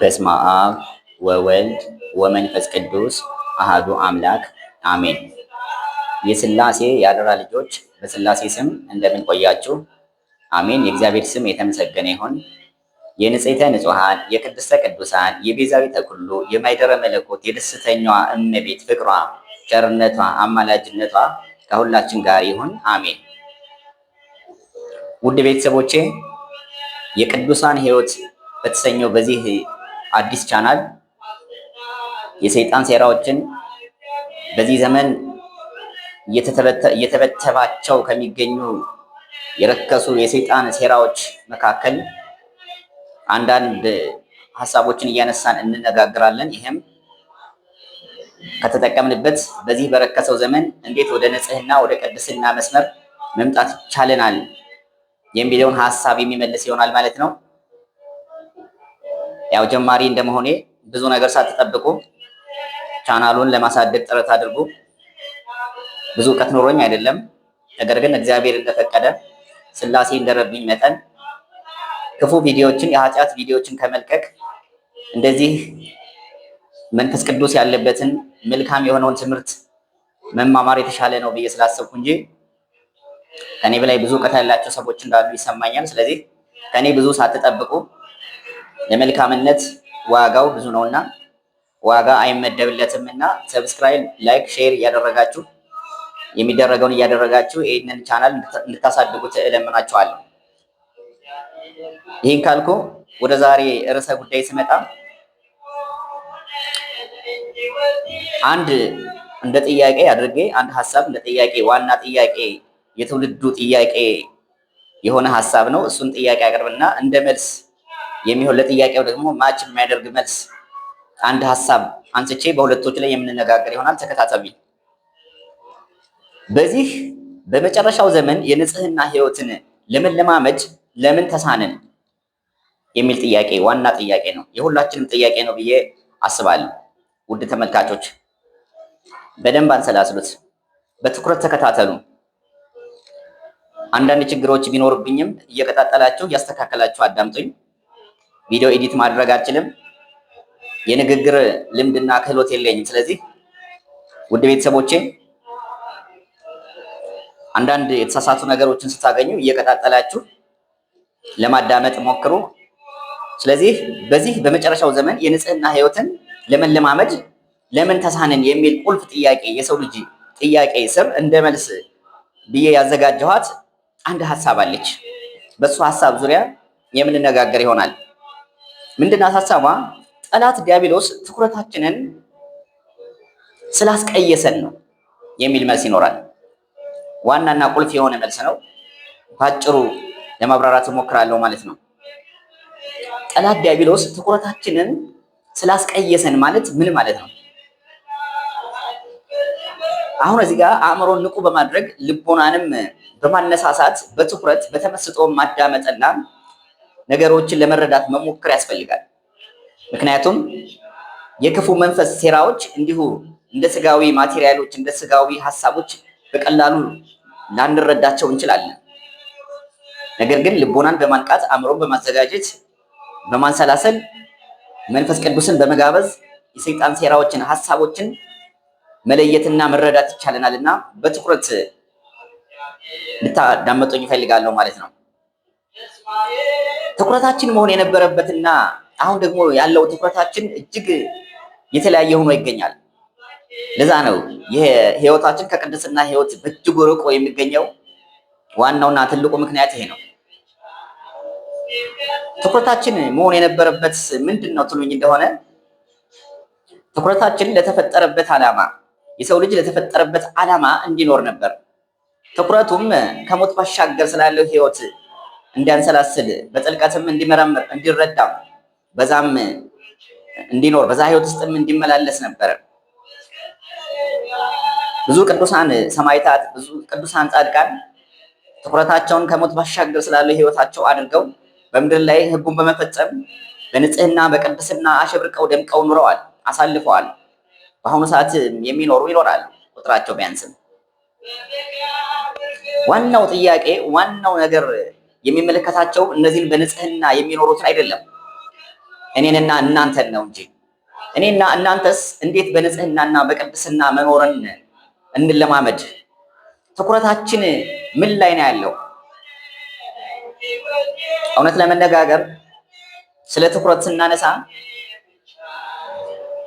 በስመ አብ ወወልድ ወመንፈስ ቅዱስ አህዱ አምላክ አሜን። የስላሴ የአደራ ልጆች በስላሴ ስም እንደምን ቆያችሁ? አሜን። የእግዚአብሔር ስም የተመሰገነ ይሁን። የንጽሕተ ንጹሐን የቅድስተ ቅዱሳን የቤዛዊተ ኩሉ የማይደረ መለኮት የደስተኛዋ እመቤት ፍቅሯ፣ ቸርነቷ፣ አማላጅነቷ ከሁላችን ጋር ይሁን። አሜን። ውድ ቤተሰቦቼ የቅዱሳን ሕይወት በተሰኘው በዚህ አዲስ ቻናል የሰይጣን ሴራዎችን በዚህ ዘመን እየተበተባቸው ከሚገኙ የረከሱ የሰይጣን ሴራዎች መካከል አንዳንድ ሀሳቦችን እያነሳን እንነጋግራለን። ይህም ከተጠቀምንበት በዚህ በረከሰው ዘመን እንዴት ወደ ንጽህና ወደ ቅድስና መስመር መምጣት ቻለናል የሚለውን ሀሳብ የሚመልስ ይሆናል ማለት ነው። ያው ጀማሪ እንደመሆኔ ብዙ ነገር ሳትጠብቁ ቻናሉን ለማሳደግ ጥረት አድርጉ። ብዙ እውቀት ኖሮኝ አይደለም፣ ነገር ግን እግዚአብሔር እንደፈቀደ ስላሴ እንደረብኝ መጠን ክፉ ቪዲዮዎችን የኃጢአት ቪዲዮዎችን ከመልቀቅ እንደዚህ መንፈስ ቅዱስ ያለበትን መልካም የሆነውን ትምህርት መማማር የተሻለ ነው ብዬ ስላሰብኩ እንጂ ከኔ በላይ ብዙ እውቀት ያላቸው ሰዎች እንዳሉ ይሰማኛል። ስለዚህ ከኔ ብዙ ሳትጠብቁ የመልካምነት ዋጋው ብዙ ነውና ዋጋ አይመደብለትም እና ሰብስክራይብ፣ ላይክ፣ ሼር እያደረጋችሁ የሚደረገውን እያደረጋችሁ ይህንን ቻናል እንድታሳድጉት እለምናችኋለሁ። ይህን ካልኩ ወደ ዛሬ ርዕሰ ጉዳይ ስመጣ አንድ እንደ ጥያቄ አድርጌ አንድ ሀሳብ እንደ ጥያቄ ዋና ጥያቄ የትውልዱ ጥያቄ የሆነ ሀሳብ ነው። እሱን ጥያቄ አቅርብና እንደ መልስ የሚሆን ለጥያቄው ደግሞ ማች የሚያደርግ መልስ አንድ ሀሳብ አንስቼ በሁለቶች ላይ የምንነጋገር ይሆናል። ተከታተሉ። በዚህ በመጨረሻው ዘመን የንጽህና ህይወትን ለመለማመድ ለምን ተሳንን የሚል ጥያቄ ዋና ጥያቄ ነው፣ የሁላችንም ጥያቄ ነው ብዬ አስባለሁ። ውድ ተመልካቾች በደንብ አንሰላስሉት፣ በትኩረት ተከታተሉ። አንዳንድ ችግሮች ቢኖርብኝም እየቀጣጠላችሁ እያስተካከላችሁ አዳምጡኝ። ቪዲዮ ኤዲት ማድረግ አልችልም። የንግግር ልምድና ክህሎት የለኝም። ስለዚህ ውድ ቤተሰቦቼ አንዳንድ የተሳሳቱ ነገሮችን ስታገኙ እየቀጣጠላችሁ ለማዳመጥ ሞክሩ። ስለዚህ በዚህ በመጨረሻው ዘመን የንጽህና ህይወትን ለመለማመድ ለምን ተሳንን የሚል ቁልፍ ጥያቄ የሰው ልጅ ጥያቄ ስር እንደ መልስ ብዬ ያዘጋጀኋት አንድ ሀሳብ አለች። በእሱ ሀሳብ ዙሪያ የምንነጋገር ይሆናል። ምንድን አሳሳቧ ጠላት ዲያብሎስ ትኩረታችንን ስላስቀየሰን ነው የሚል መልስ ይኖራል። ዋናና ቁልፍ የሆነ መልስ ነው። በአጭሩ ለማብራራት እሞክራለሁ ማለት ነው። ጠላት ዲያብሎስ ትኩረታችንን ስላስቀየሰን ማለት ምን ማለት ነው? አሁን እዚህ ጋር አእምሮን ንቁ በማድረግ ልቦናንም በማነሳሳት በትኩረት በተመስጦ ማዳመጥና ነገሮችን ለመረዳት መሞከር ያስፈልጋል። ምክንያቱም የክፉ መንፈስ ሴራዎች እንዲሁ እንደ ስጋዊ ማቴሪያሎች፣ እንደ ስጋዊ ሀሳቦች በቀላሉ ላንረዳቸው እንችላለን። ነገር ግን ልቦናን በማንቃት አእምሮን በማዘጋጀት በማንሰላሰል መንፈስ ቅዱስን በመጋበዝ የሰይጣን ሴራዎችን፣ ሀሳቦችን መለየትና መረዳት ይቻለናል እና በትኩረት ልታዳመጡኝ ይፈልጋለሁ ማለት ነው። ትኩረታችን መሆን የነበረበትና አሁን ደግሞ ያለው ትኩረታችን እጅግ የተለያየ ሆኖ ይገኛል። ለዛ ነው ይህ ህይወታችን ከቅድስና ህይወት በእጅጉ ርቆ የሚገኘው ዋናውና ትልቁ ምክንያት ይሄ ነው። ትኩረታችን መሆን የነበረበት ምንድን ነው ትሉኝ እንደሆነ ትኩረታችን ለተፈጠረበት ዓላማ የሰው ልጅ ለተፈጠረበት ዓላማ እንዲኖር ነበር። ትኩረቱም ከሞት ባሻገር ስላለው ህይወት እንዲያንሰላስል በጥልቀትም እንዲመረምር እንዲረዳም በዛም እንዲኖር በዛ ህይወት ውስጥም እንዲመላለስ ነበረ። ብዙ ቅዱሳን ሰማይታት ብዙ ቅዱሳን ጻድቃን ትኩረታቸውን ከሞት ባሻገር ስላለው ህይወታቸው አድርገው በምድር ላይ ህጉን በመፈጸም በንጽህና በቅድስና አሸብርቀው ደምቀው ኑረዋል፣ አሳልፈዋል። በአሁኑ ሰዓት የሚኖሩ ይኖራሉ፣ ቁጥራቸው ቢያንስም ዋናው ጥያቄ ዋናው ነገር የሚመለከታቸው እነዚህን በንጽህና የሚኖሩትን አይደለም፣ እኔንና እናንተን ነው እንጂ እኔና እናንተስ እንዴት በንጽህናና በቅድስና መኖርን እንለማመድ? ትኩረታችን ምን ላይ ነው ያለው? እውነት ለመነጋገር ስለ ትኩረት ስናነሳ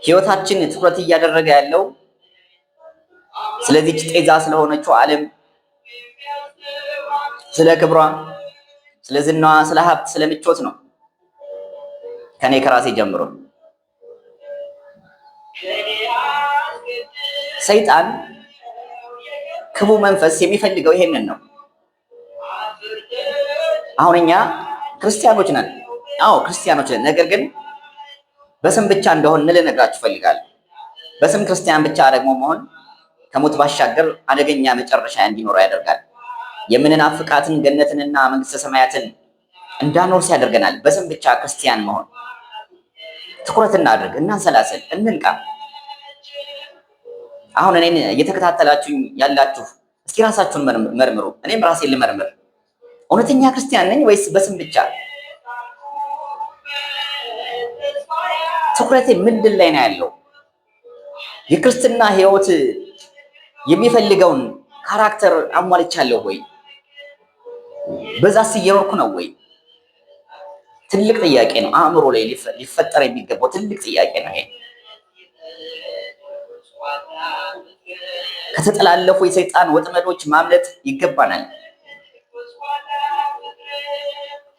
ህይወታችን ትኩረት እያደረገ ያለው ስለዚች ጤዛ ስለሆነችው ዓለም ስለ ክብሯ ስለ ዝናዋ፣ ስለ ሀብት፣ ስለ ምቾት ነው። ከኔ ከራሴ ጀምሮ ሰይጣን ክፉ መንፈስ የሚፈልገው ይሄንን ነው። አሁን እኛ ክርስቲያኖች ነን። አዎ ክርስቲያኖች ነን። ነገር ግን በስም ብቻ እንደሆን ልነግራችሁ እፈልጋለሁ። በስም ክርስቲያን ብቻ ደግሞ መሆን ከሞት ባሻገር አደገኛ መጨረሻ እንዲኖረው ያደርጋል። የምንናፍቃትን ገነትንና መንግስተ ሰማያትን እንዳኖርስ ያደርገናል። በስም ብቻ ክርስቲያን መሆን ትኩረት እናድርግ፣ እናንሰላስል፣ እንንቃ። አሁን እኔን እየተከታተላችሁኝ ያላችሁ እስኪ ራሳችሁን መርምሩ። እኔም ራሴን ልመርምር። እውነተኛ ክርስቲያን ነኝ ወይስ በስም ብቻ? ትኩረቴ ምንድን ላይ ነው ያለው? የክርስትና ህይወት የሚፈልገውን ካራክተር አሟልቻለሁ ወይ? በዛ እየኖርኩ ነው ወይ? ትልቅ ጥያቄ ነው። አእምሮ ላይ ሊፈጠር የሚገባው ትልቅ ጥያቄ ነው ይሄ። ከተጠላለፉ የሰይጣን ወጥመዶች ማምለጥ ይገባናል።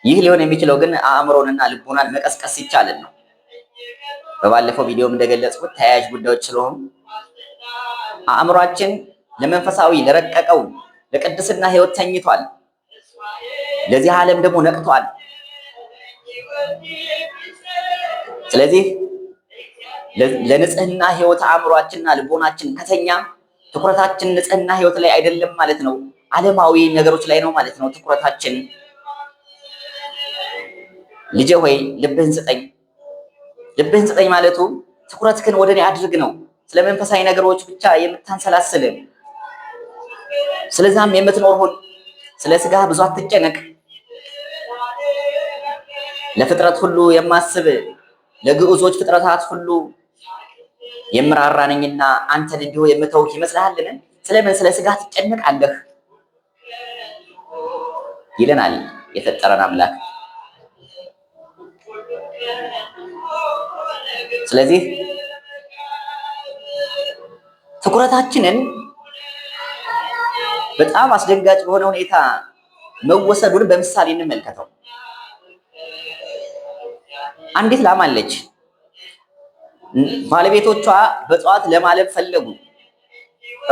ይህ ሊሆን የሚችለው ግን አእምሮንና ልቦናን መቀስቀስ ይቻላል ነው። በባለፈው ቪዲዮም እንደገለጽኩት ተያያዥ ጉዳዮች ስለሆኑ አእምሯችን ለመንፈሳዊ ለረቀቀው ለቅድስና ህይወት ተኝቷል። ለዚህ ዓለም ደግሞ ነቅቷል። ስለዚህ ለንጽህና ህይወት አእምሯችንና ልቦናችን ከተኛ ትኩረታችን ንጽህና ህይወት ላይ አይደለም ማለት ነው። ዓለማዊ ነገሮች ላይ ነው ማለት ነው ትኩረታችን። ልጄ ሆይ ልብህን ስጠኝ። ልብህን ስጠኝ ማለቱ ትኩረትህን ወደ እኔ አድርግ ነው። ስለ መንፈሳዊ ነገሮች ብቻ የምታንሰላስል ስለዛም የምትኖር ሁን። ስለ ስጋ ብዙ አትጨነቅ። ለፍጥረት ሁሉ የማስብ ለግዑዞች ፍጥረታት ሁሉ የምራራ አንተን እንዲሁ የምተውህ ይመስልሃልን? ስለምን ስለ ስጋ ትጨንቃለህ? ይለናል የፈጠረን አምላክ። ስለዚህ ትኩረታችንን በጣም አስደንጋጭ በሆነ ሁኔታ መወሰዱን በምሳሌ እንመልከተው። አንዲት ላም አለች። ባለቤቶቿ በጠዋት ለማለብ ፈለጉ።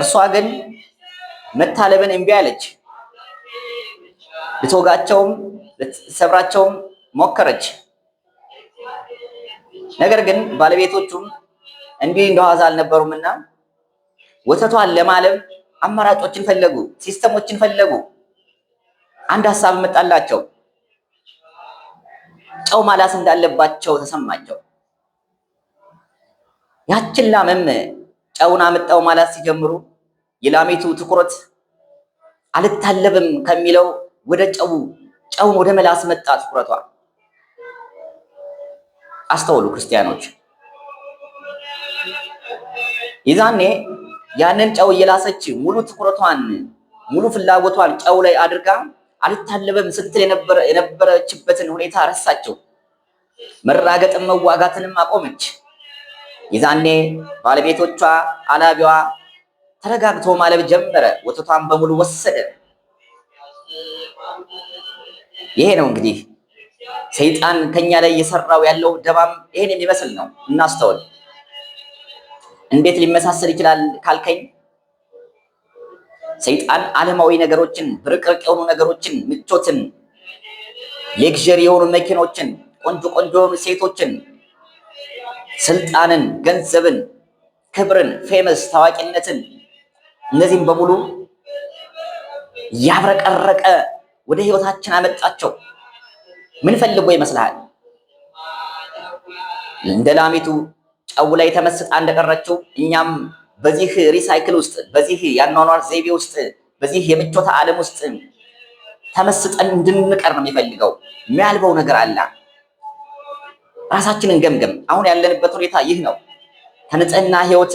እርሷ ግን መታለብን እምቢ አለች። ልትወጋቸውም ልትሰብራቸውም ሞከረች። ነገር ግን ባለቤቶቹም እንዲህ እንደዋዛ አልነበሩምና ወተቷን ለማለብ አማራጮችን ፈለጉ፣ ሲስተሞችን ፈለጉ። አንድ ሀሳብ መጣላቸው። ጨው ማላስ እንዳለባቸው ተሰማቸው። ያችን ላምም ጨውን አምጣው ማላስ ሲጀምሩ የላሚቱ ትኩረት አልታለብም ከሚለው ወደ ጨው ጨውን ወደ መላስ መጣ ትኩረቷ። አስተውሉ ክርስቲያኖች፣ ይዛኔ ያንን ጨው እየላሰች ሙሉ ትኩረቷን ሙሉ ፍላጎቷን ጨው ላይ አድርጋ አልታለበም ስትል የነበረችበትን ሁኔታ ረሳቸው። መራገጥን መዋጋትንም አቆመች። የዛኔ ባለቤቶቿ አላቢዋ ተረጋግቶ ማለብ ጀመረ። ወተቷን በሙሉ ወሰደ። ይሄ ነው እንግዲህ ሰይጣን ከኛ ላይ እየሰራው ያለው ደባም ይሄን የሚመስል ነው። እናስተውል። እንዴት ሊመሳሰል ይችላል ካልከኝ ሰይጣን ዓለማዊ ነገሮችን፣ ብርቅርቅ የሆኑ ነገሮችን፣ ምቾትን፣ ሌግዠሪ የሆኑ መኪኖችን፣ ቆንጆ ቆንጆ የሆኑ ሴቶችን፣ ስልጣንን፣ ገንዘብን፣ ክብርን፣ ፌመስ፣ ታዋቂነትን እነዚህም በሙሉ ያብረቀረቀ ወደ ህይወታችን አመጣቸው። ምን ፈልጎ ይመስልሃል? እንደ ላሚቱ ጨው ላይ ተመስጣ እንደቀረችው እኛም በዚህ ሪሳይክል ውስጥ በዚህ ያኗኗር ዘይቤ ውስጥ በዚህ የምቾት ዓለም ውስጥ ተመስጠን እንድንቀር ነው የሚፈልገው። የሚያልበው ነገር አለ። ራሳችንን ገምገም። አሁን ያለንበት ሁኔታ ይህ ነው። ከንጽህና ህይወት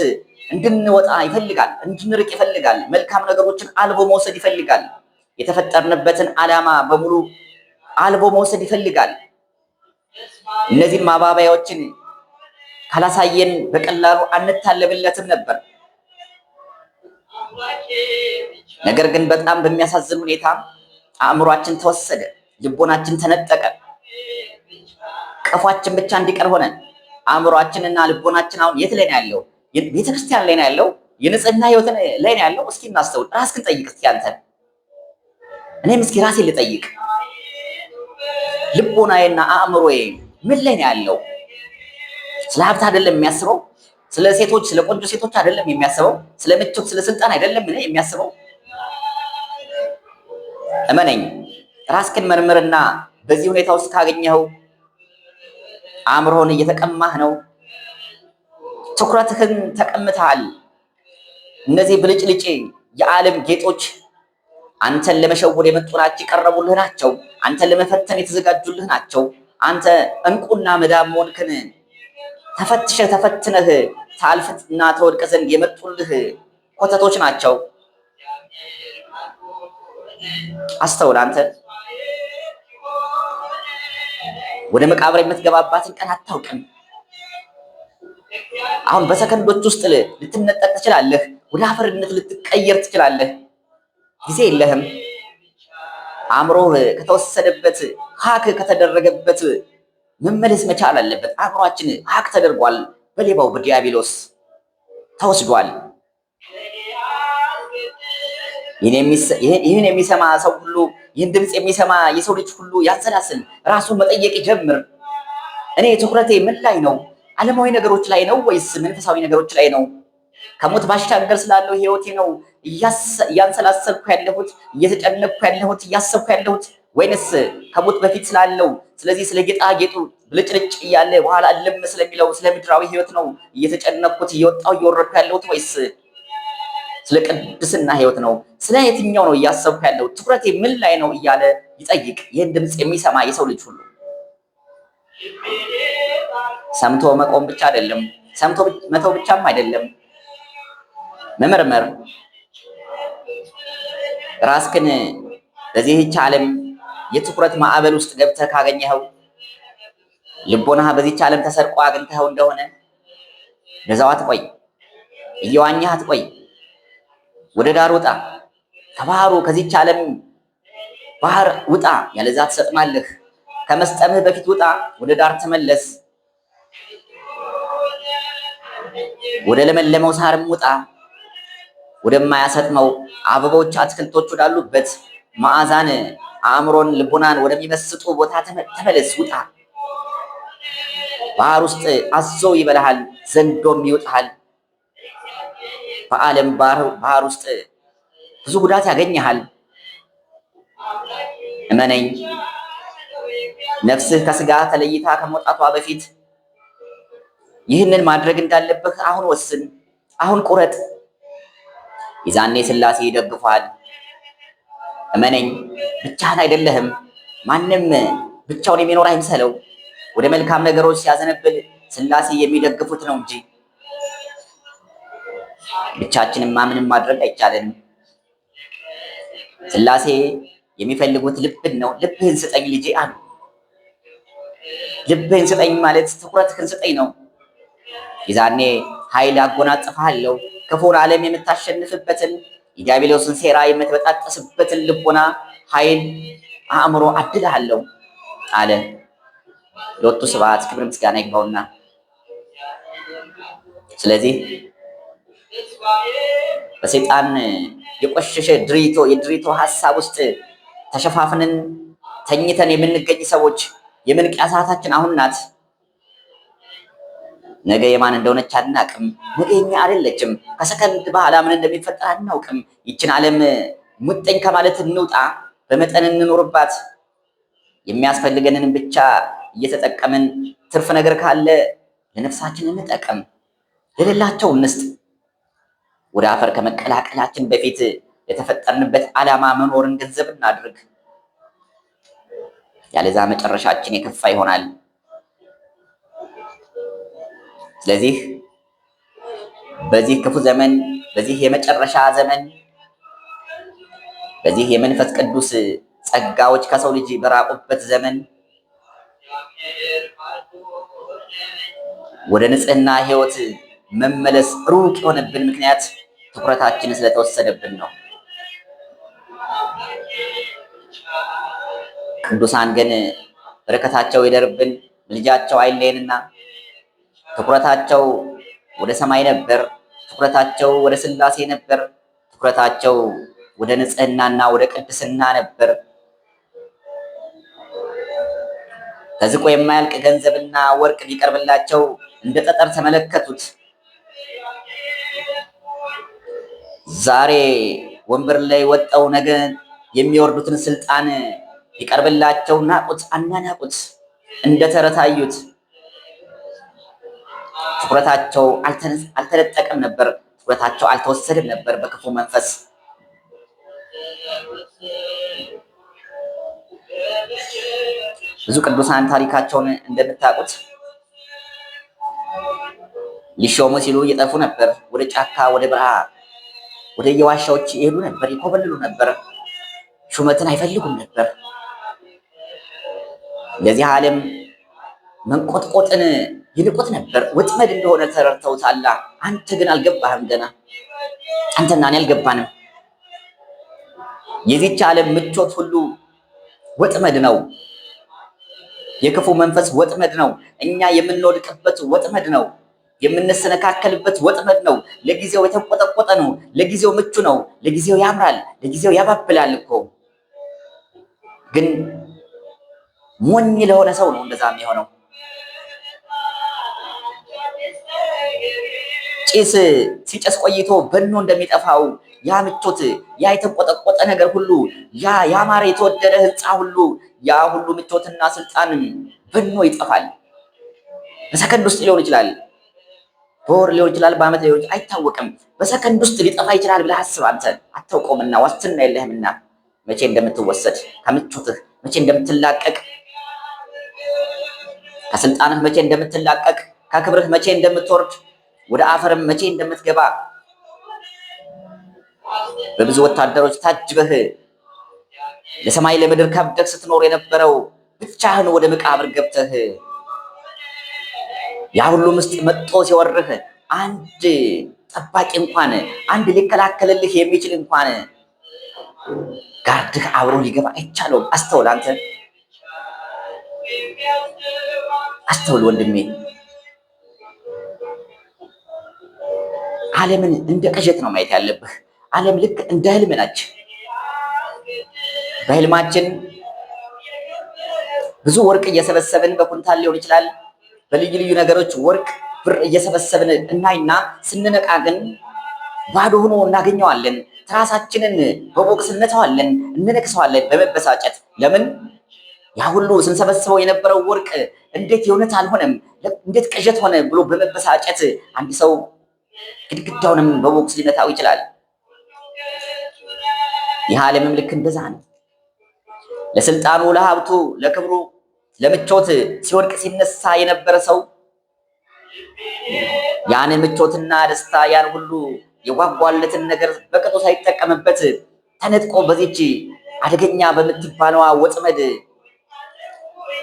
እንድንወጣ ይፈልጋል፣ እንድንርቅ ይፈልጋል። መልካም ነገሮችን አልቦ መውሰድ ይፈልጋል። የተፈጠርንበትን ዓላማ በሙሉ አልቦ መውሰድ ይፈልጋል። እነዚህም ማባባያዎችን ካላሳየን በቀላሉ አንታለብለትም ነበር። ነገር ግን በጣም በሚያሳዝን ሁኔታ አእምሯችን ተወሰደ፣ ልቦናችን ተነጠቀ፣ ቀፏችን ብቻ እንዲቀር ሆነ። አእምሯችንና ልቦናችን አሁን የት ላይ ነው ያለው? ቤተክርስቲያን ላይ ነው ያለው? የንጽህና ህይወት ላይ ነው ያለው? እስኪ እናስተውል። ራስህን ጠይቅ እስኪ አንተ። እኔም እስኪ ራሴን ልጠይቅ። ልቦናዬና አእምሮዬ ምን ላይ ነው ያለው? ስለ ሀብት አይደለም የሚያስበው ስለ ሴቶች ስለ ቆንጆ ሴቶች አይደለም የሚያስበው፣ ስለ ምቾት ስለ ስልጣን አይደለም የሚያስበው። እመነኝ፣ ራስክን መርምርና በዚህ ሁኔታ ውስጥ ካገኘኸው አእምሮህን እየተቀማህ ነው። ትኩረትህን ተቀምተሃል። እነዚህ ብልጭልጭ የዓለም ጌጦች አንተን ለመሸወድ የመጡ ናቸው፣ የቀረቡልህ ናቸው፣ አንተን ለመፈተን የተዘጋጁልህ ናቸው። አንተ እንቁና መዳብ መሆንክን ተፈትሸህ ተፈትነህ እና ተወድቀ ዘንድ የመጡልህ ኮተቶች ናቸው። አስተውል አንተ ወደ መቃብር የምትገባባትን ቀን አታውቅም። አሁን በሰከንዶች ውስጥ ልትነጠቅ ትችላለህ። ወደ አፈርነት ልትቀየር ትችላለህ። ጊዜ የለህም። አእምሮህ ከተወሰደበት ሀክ ከተደረገበት መመለስ መቻል አለበት። አእምሯችን ሀቅ ተደርጓል። በሌባው በዲያብሎስ ተወስዷል። ይህን የሚሰማ ሰው ሁሉ ይህን ድምፅ የሚሰማ የሰው ልጅ ሁሉ ያንሰላስል፣ ራሱን መጠየቅ ይጀምር። እኔ ትኩረቴ ምን ላይ ነው? ዓለማዊ ነገሮች ላይ ነው ወይስ መንፈሳዊ ነገሮች ላይ ነው? ከሞት ባሻገር ስላለው ህይወቴ ነው እያንሰላሰልኩ ያለሁት፣ እየተጨነቅኩ ያለሁት፣ እያሰብኩ ያለሁት ወይንስ ከሞት በፊት ስላለው ስለዚህ ስለ ጌጣጌጡ ብልጭልጭ እያለ በኋላ አለም ስለሚለው ስለ ምድራዊ ህይወት ነው እየተጨነኩት እየወጣው እየወረድኩ ያለሁት ወይስ ስለ ቅድስና ህይወት ነው? ስለ የትኛው ነው እያሰብኩ ያለው? ትኩረቴ ምን ላይ ነው እያለ ይጠይቅ። ይህን ድምፅ የሚሰማ የሰው ልጅ ሁሉ ሰምቶ መቆም ብቻ አይደለም፣ ሰምቶ መተው ብቻም አይደለም፣ መመርመር ራስክን በዚህች ዓለም የትኩረት ማዕበል ውስጥ ገብተህ ካገኘኸው ልቦናህ በዚች ዓለም ተሰርቆ አግኝተኸው እንደሆነ በዛው አትቆይ፣ እየዋኘህ አትቆይ። ወደ ዳር ውጣ፣ ከባህሩ ከዚች ዓለም ባህር ውጣ፣ ያለዛ ትሰጥማለህ። ከመስጠምህ በፊት ውጣ፣ ወደ ዳር ተመለስ። ወደ ለመለመው ሳርም ውጣ፣ ወደማያሰጥመው አበቦች፣ አትክልቶች ወዳሉበት መዓዛን አእምሮን ልቦናን ወደሚመስጡ ቦታ ተመለስ፣ ውጣ። ባህር ውስጥ አዞ ይበልሃል፣ ዘንዶም ይውጥሃል። በዓለም ባህር ውስጥ ብዙ ጉዳት ያገኘሃል። እመነኝ፣ ነፍስህ ከስጋ ተለይታ ከመውጣቷ በፊት ይህንን ማድረግ እንዳለብህ አሁን ወስን፣ አሁን ቁረጥ። የዛኔ ስላሴ ይደግፏል። እመነኝ፣ ብቻህን አይደለህም። ማንም ብቻውን የሚኖር አይምሰለው። ወደ መልካም ነገሮች ሲያዘነብል ስላሴ የሚደግፉት ነው እንጂ ብቻችንማ ምንም ማድረግ አይቻለንም። ስላሴ የሚፈልጉት ልብን ነው። ልብህን ስጠኝ ልጄ አሉ። ልብህን ስጠኝ ማለት ትኩረትህን ስጠኝ ነው። የዛኔ ኃይል አጎናጽፍሃለሁ ክፉን ዓለም የምታሸንፍበትን የዲያብሎስን ሴራ የምትበጣጠስበትን ልቦና፣ ኃይል፣ አእምሮ አድልሃለሁ አለ። ሎቱ ስብሐት ክብር ምስጋና ይግባውና ስለዚህ በሰይጣን የቆሸሸ ድሪቶ የድሪቶ ሀሳብ ውስጥ ተሸፋፍንን ተኝተን የምንገኝ ሰዎች የምንቅያሳታችን አሁን ናት። ነገ የማን እንደሆነች አናውቅም። ነገኛ አይደለችም። ከሰከንድ በኋላ ምን እንደሚፈጠር አናውቅም። ይችን ዓለም ሙጠኝ ከማለት እንውጣ፣ በመጠን እንኖርባት። የሚያስፈልገንን ብቻ እየተጠቀምን ትርፍ ነገር ካለ ለነፍሳችን እንጠቀም፣ ለሌላቸው እንስጥ። ወደ አፈር ከመቀላቀላችን በፊት የተፈጠርንበት ዓላማ መኖርን ገንዘብ እናድርግ። ያለዛ መጨረሻችን የከፋ ይሆናል። ስለዚህ በዚህ ክፉ ዘመን በዚህ የመጨረሻ ዘመን በዚህ የመንፈስ ቅዱስ ጸጋዎች ከሰው ልጅ በራቁበት ዘመን ወደ ንጽህና ህይወት መመለስ ሩቅ የሆነብን ምክንያት ትኩረታችን ስለተወሰደብን ነው። ቅዱሳን ግን በረከታቸው ይደርብን፣ ምልጃቸው አይለየንና ትኩረታቸው ወደ ሰማይ ነበር። ትኩረታቸው ወደ ስላሴ ነበር። ትኩረታቸው ወደ ንጽህናና ወደ ቅድስና ነበር። ተዝቆ የማያልቅ ገንዘብና ወርቅ ቢቀርብላቸው እንደ ጠጠር ተመለከቱት። ዛሬ ወንበር ላይ ወጠው ነገ የሚወርዱትን ስልጣን ቢቀርብላቸው ናቁት፣ አናናቁት፣ እንደ ተረታዩት ትኩረታቸው አልተነጠቀም ነበር። ትኩረታቸው አልተወሰደም ነበር በክፉ መንፈስ። ብዙ ቅዱሳን ታሪካቸውን እንደምታውቁት ሊሾሙ ሲሉ እየጠፉ ነበር። ወደ ጫካ፣ ወደ በረሃ፣ ወደ የዋሻዎች ይሄዱ ነበር፣ ይኮበልሉ ነበር። ሹመትን አይፈልጉም ነበር። ለዚህ ዓለም መንቆጥቆጥን ይንቁት ነበር። ወጥመድ እንደሆነ ተረድተውታላ። አንተ ግን አልገባህም ገና አንተና እኔ አልገባንም። የዚች ዓለም ምቾት ሁሉ ወጥመድ ነው። የክፉ መንፈስ ወጥመድ ነው። እኛ የምንወድቅበት ወጥመድ ነው። የምንሰነካከልበት ወጥመድ ነው። ለጊዜው የተንቆጠቆጠ ነው። ለጊዜው ምቹ ነው። ለጊዜው ያምራል። ለጊዜው ያባብላል እኮ ግን ሞኝ ለሆነ ሰው ነው እንደዛ የሚሆነው። ጭስ ሲጨስ ቆይቶ በኖ እንደሚጠፋው ያ ምቾት፣ ያ የተንቆጠቆጠ ነገር ሁሉ፣ ያ ያማረ የተወደደ ህንፃ ሁሉ፣ ያ ሁሉ ምቾትና ስልጣን በኖ ይጠፋል። በሰከንድ ውስጥ ሊሆን ይችላል፣ በወር ሊሆን ይችላል፣ በአመት ሊሆን ይችላል፣ አይታወቅም። በሰከንድ ውስጥ ሊጠፋ ይችላል ብለህ አስብ። አንተ አታውቀውምና ዋስትና የለህምና መቼ እንደምትወሰድ ከምቾትህ መቼ እንደምትላቀቅ ከስልጣንህ መቼ እንደምትላቀቅ ከክብርህ መቼ እንደምትወርድ ወደ አፈርም መቼ እንደምትገባ በብዙ ወታደሮች ታጅበህ ለሰማይ ለምድር ከብደህ ስትኖር የነበረው ብቻህን ወደ መቃብር ገብተህ ያ ሁሉ ምስጥ መጥቶ ሲወርህ አንድ ጠባቂ እንኳን አንድ ሊከላከልልህ የሚችል እንኳን ጋርድህ አብሮ ሊገባ አይቻለውም። አስተውል አንተ አስተውል ወንድሜ። ዓለምን እንደ ቅዠት ነው ማየት ያለብህ። ዓለም ልክ እንደ ህልም ናች። በህልማችን ብዙ ወርቅ እየሰበሰብን በኩንታል ሊሆን ይችላል፣ በልዩ ልዩ ነገሮች ወርቅ፣ ብር እየሰበሰብን እናይና ስንነቃ ግን ባዶ ሆኖ እናገኘዋለን። ትራሳችንን በቦክስ እንተዋለን፣ እንነቅሰዋለን በመበሳጨት ለምን ያ ሁሉ ስንሰበስበው የነበረው ወርቅ እንዴት የእውነት አልሆነም፣ እንዴት ቅዠት ሆነ ብሎ በመበሳጨት አንድ ሰው ግድግዳውንም በቦክስ ሊመታው ይችላል። ይህ ዓለምም ልክ እንደዛ ነው። ለስልጣኑ፣ ለሀብቱ፣ ለክብሩ፣ ለምቾት ሲወድቅ ሲነሳ የነበረ ሰው ያን ምቾትና ደስታ ያን ሁሉ የጓጓለትን ነገር በቅጡ ሳይጠቀምበት ተነጥቆ በዚች አደገኛ በምትባለዋ ወጥመድ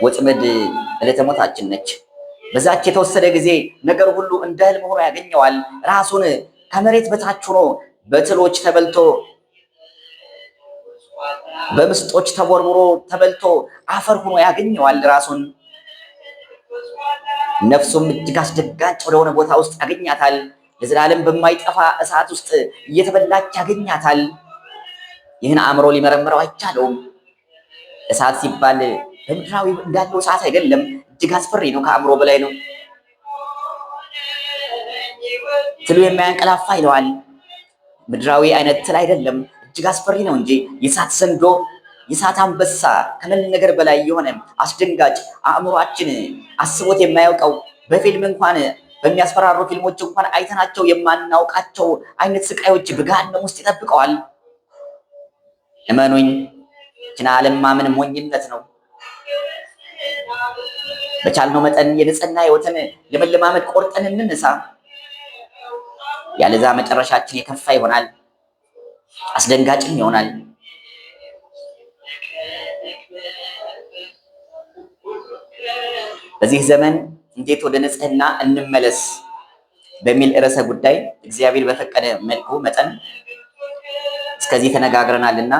ወጥመድ ዕለተ ሞታችን ነች። በዛች የተወሰደ ጊዜ ነገር ሁሉ እንደ ህልም ሆኖ ያገኘዋል። ራሱን ከመሬት በታች ሆኖ በትሎች ተበልቶ በምስጦች ተቦርቡሮ ተበልቶ አፈር ሆኖ ያገኘዋል ራሱን። ነፍሱም እጅግ አስደጋጭ ወደሆነ ቦታ ውስጥ ያገኛታል። ለዘላለም በማይጠፋ እሳት ውስጥ እየተበላች ያገኛታል። ይህን አእምሮ ሊመረምረው አይቻለውም። እሳት ሲባል በምድራዊ እንዳለው እሳት አይደለም እጅግ አስፈሪ ነው፣ ከአእምሮ በላይ ነው ትሉ የማያንቀላፋ ይለዋል። ምድራዊ አይነት ትል አይደለም፣ እጅግ አስፈሪ ነው እንጂ የእሳት ዘንዶ፣ የእሳት አንበሳ ከምን ነገር በላይ የሆነ አስደንጋጭ አእምሯችን አስቦት የማያውቀው በፊልም እንኳን በሚያስፈራሩ ፊልሞች እንኳን አይተናቸው የማናውቃቸው አይነት ስቃዮች በገሃነም ውስጥ ይጠብቀዋል። እመኑኝ፣ ችን ዓለም ማምን ሞኝነት ነው። በቻልነው መጠን የንጽህና ህይወትን ለመለማመድ ቆርጠን እንነሳ። ያለዛ መጨረሻችን የከፋ ይሆናል፣ አስደንጋጭም ይሆናል። በዚህ ዘመን እንዴት ወደ ንጽህና እንመለስ በሚል ርዕሰ ጉዳይ እግዚአብሔር በፈቀደ መልኩ መጠን እስከዚህ ተነጋግረናልና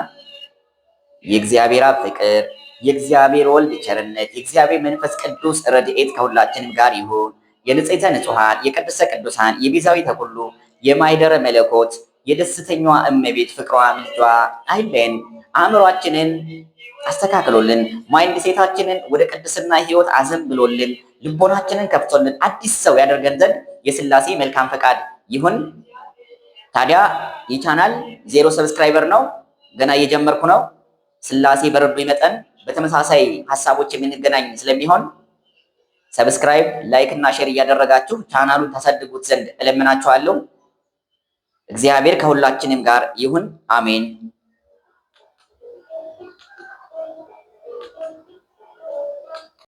የእግዚአብሔር ፍቅር የእግዚአብሔር ወልድ ቸርነት፣ የእግዚአብሔር መንፈስ ቅዱስ ረድኤት ከሁላችንም ጋር ይሁን። የንጽሕተ ንጹሐን፣ የቅድስተ ቅዱሳን፣ የቤዛዊተ ተኩሉ የማይደረ መለኮት፣ የደስተኛዋ እመቤት ፍቅሯ ምልጇ አይለን አእምሯችንን አስተካክሎልን ማይንድ ሴታችንን ወደ ቅድስና ህይወት አዘን ብሎልን ልቦናችንን ከፍቶልን አዲስ ሰው ያደርገን ዘንድ የስላሴ መልካም ፈቃድ ይሁን። ታዲያ ይህ ቻናል ዜሮ ሰብስክራይበር ነው፣ ገና እየጀመርኩ ነው። ስላሴ በረዱ መጠን በተመሳሳይ ሀሳቦች የምንገናኝ ስለሚሆን ሰብስክራይብ፣ ላይክ እና ሼር እያደረጋችሁ ቻናሉን ተሰድጉት ዘንድ እለምናችኋለሁ። እግዚአብሔር ከሁላችንም ጋር ይሁን። አሜን።